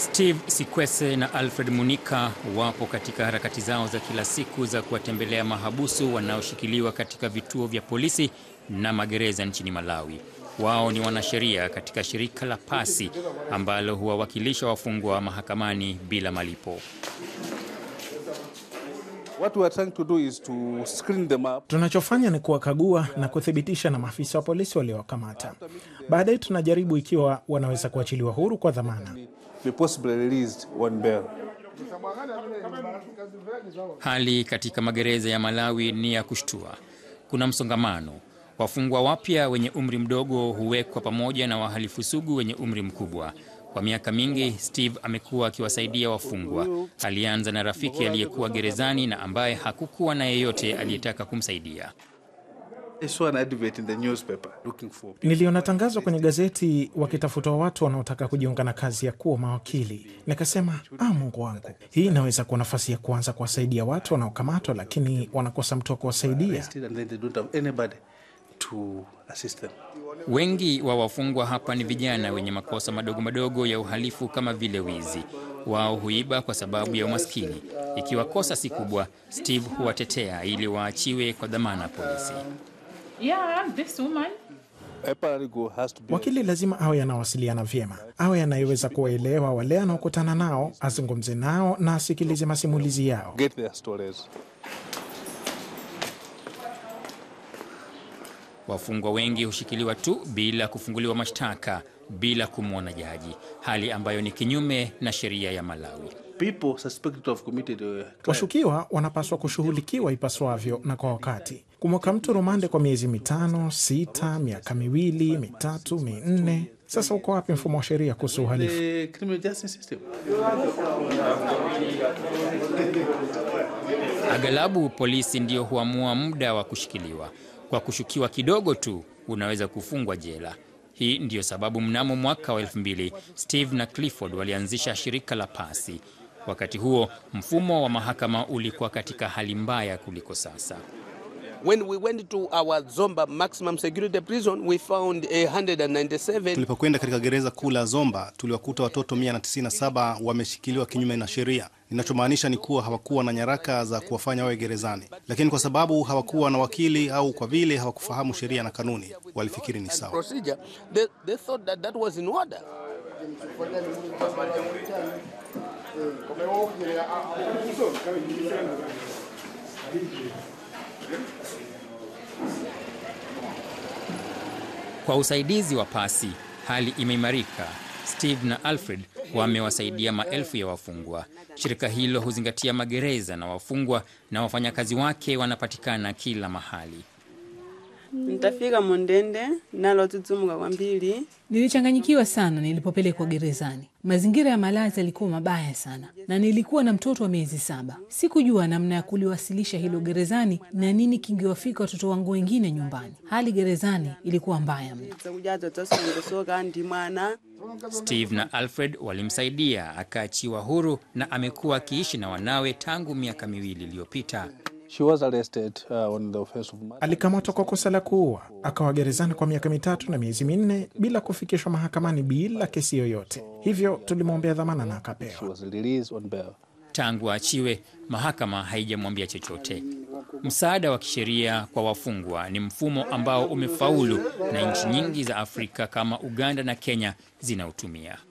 Steve Sikwese na Alfred Munika wapo katika harakati zao za kila siku za kuwatembelea mahabusu wanaoshikiliwa katika vituo vya polisi na magereza nchini Malawi. Wao ni wanasheria katika shirika la Pasi ambalo huwawakilisha wafungwa mahakamani bila malipo. What we are trying to do is to screen them up. Tunachofanya ni kuwakagua na kuthibitisha na maafisa wa polisi waliowakamata. Baadaye tunajaribu ikiwa wanaweza kuachiliwa huru kwa dhamana. Hali katika magereza ya Malawi ni ya kushtua. Kuna msongamano. Wafungwa wapya wenye umri mdogo huwekwa pamoja na wahalifu sugu wenye umri mkubwa. Kwa miaka mingi Steve amekuwa akiwasaidia wafungwa. Alianza na rafiki aliyekuwa gerezani na ambaye hakukuwa na yeyote aliyetaka kumsaidia. Niliona tangazo kwenye gazeti wakitafuta watu wanaotaka kujiunga na kazi ya kuwa mawakili. Nikasema, ah, Mungu wangu, hii inaweza kuwa nafasi ya kuanza kuwasaidia watu wanaokamatwa, lakini wanakosa mtu wa kuwasaidia to assist them. Wengi wa wafungwa hapa ni vijana wenye makosa madogo madogo ya uhalifu kama vile wizi. Wao huiba kwa sababu ya umaskini. Ikiwa kosa si kubwa, Steve huwatetea ili waachiwe kwa dhamana polisi. Yeah, this woman. Wakili lazima awe anawasiliana vyema, awe anayeweza kuwaelewa wale anaokutana nao, azungumze nao na asikilize masimulizi yao. Wafungwa wengi hushikiliwa tu bila kufunguliwa mashtaka bila kumwona jaji, hali ambayo ni kinyume na sheria ya Malawi. Uh, Washukiwa wanapaswa kushughulikiwa ipaswavyo na kwa wakati. Kumweka mtu rumande kwa miezi mitano, sita, miaka miwili, mitatu, minne. Sasa uko wapi mfumo wa sheria kuhusu uhalifu? Aghalabu polisi ndio huamua muda wa kushikiliwa. Kwa kushukiwa kidogo tu unaweza kufungwa jela. Hii ndiyo sababu mnamo mwaka wa 2000 Steve na Clifford walianzisha shirika la Pasi. Wakati huo mfumo wa mahakama ulikuwa katika hali mbaya kuliko sasa. When we went to our Zomba maximum security prison, we found 197. Tulipokwenda katika gereza kuu la Zomba tuliwakuta watoto 197 wameshikiliwa kinyume na sheria. Ninachomaanisha ni kuwa hawakuwa na nyaraka za kuwafanya wawe gerezani, lakini kwa sababu hawakuwa na wakili au kwa vile hawakufahamu sheria na kanuni, walifikiri ni sawa. Kwa usaidizi wa pasi, hali imeimarika. Steve na Alfred wamewasaidia maelfu ya wafungwa. Shirika hilo huzingatia magereza na wafungwa, na wafanyakazi wake wanapatikana kila mahali. Nitafika Mondende nalo kwa mbili Nilichanganyikiwa sana nilipopelekwa gerezani. Mazingira ya malazi yalikuwa mabaya sana, na nilikuwa na mtoto wa miezi saba. Sikujua namna ya kuliwasilisha hilo gerezani na nini kingewafika watoto wangu wengine nyumbani. Hali gerezani ilikuwa mbaya mno. Steve na Alfred walimsaidia akaachiwa huru na amekuwa akiishi na wanawe tangu miaka miwili iliyopita. Uh, Alikamatwa kwa kosa la kuua, akawa gerezani kwa miaka mitatu na miezi minne bila kufikishwa mahakamani bila kesi yoyote. Hivyo tulimwombea dhamana na akapewa. Tangu aachiwe, mahakama haijamwambia chochote. Msaada wa kisheria kwa wafungwa ni mfumo ambao umefaulu na nchi nyingi za Afrika kama Uganda na Kenya zinautumia.